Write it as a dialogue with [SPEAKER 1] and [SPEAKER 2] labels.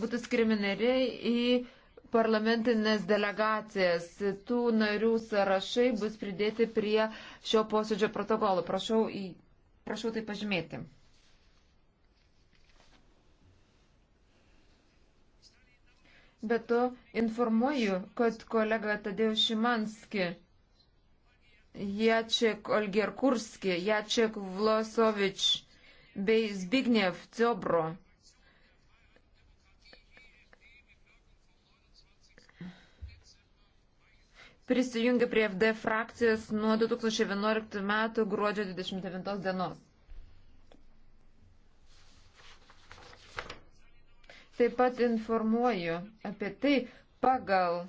[SPEAKER 1] būtų skiriami nariai į parlamentinės delegacijas. Tų narių sąrašai bus pridėti prie šio posėdžio protokolo. Prašau, į, prašau tai pažymėti. Bet to informuoju, kad kolega Tadeusz Šimanski, Jaček Olgerkurski, Jaček Vlasovič bei Zbigniew Ciobro prisijungė prie FD frakcijos nuo 2011 metų gruodžio 29 dienos. Taip pat informuoju apie tai pagal